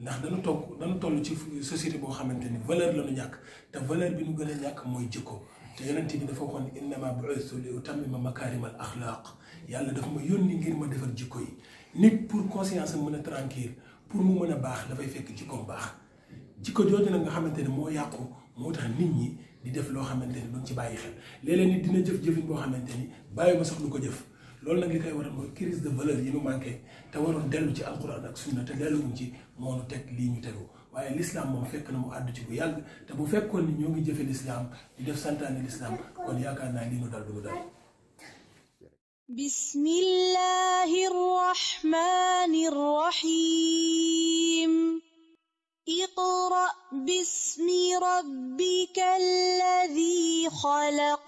ndax dañu toog dañu toll ci société boo xamante ni valeur la ñàkk te valeur bi nu gën a ñàkk mooy jikko te yonent bi dafa waxoon innama bu'istu li utammima makaarimal axlaaq yàlla dafa ma yónni ngir ma defar jikko yi nit pour conscience mën a tranquille pour mu mën a baax dafay fekk jikkoom baax jikko jooju nag nga xamante ne moo yàqu moo tax nit ñi di def loo xamante ni duñ ci bàyyi xel léeg-léeg nit dina jëf jëfin boo xamante ni bàyyi ma sax lu ko jëf loolu nag li koy waral mooy crise de valeur yi nu manqué te waroon dellu ci alquran ak sunna te delluwuñ ci moo nu teg lii ñu tegu waaye l'islam moom fekk na mu àddu ci bu yàgg te bu fekkoon ni ñoo ngi jëfe l'islam di def santaane l'islam kon yaakaar naa lii nu dal du mu dal bismillahi rrahmani rrahim iqra bismi rabbika alladi xalaq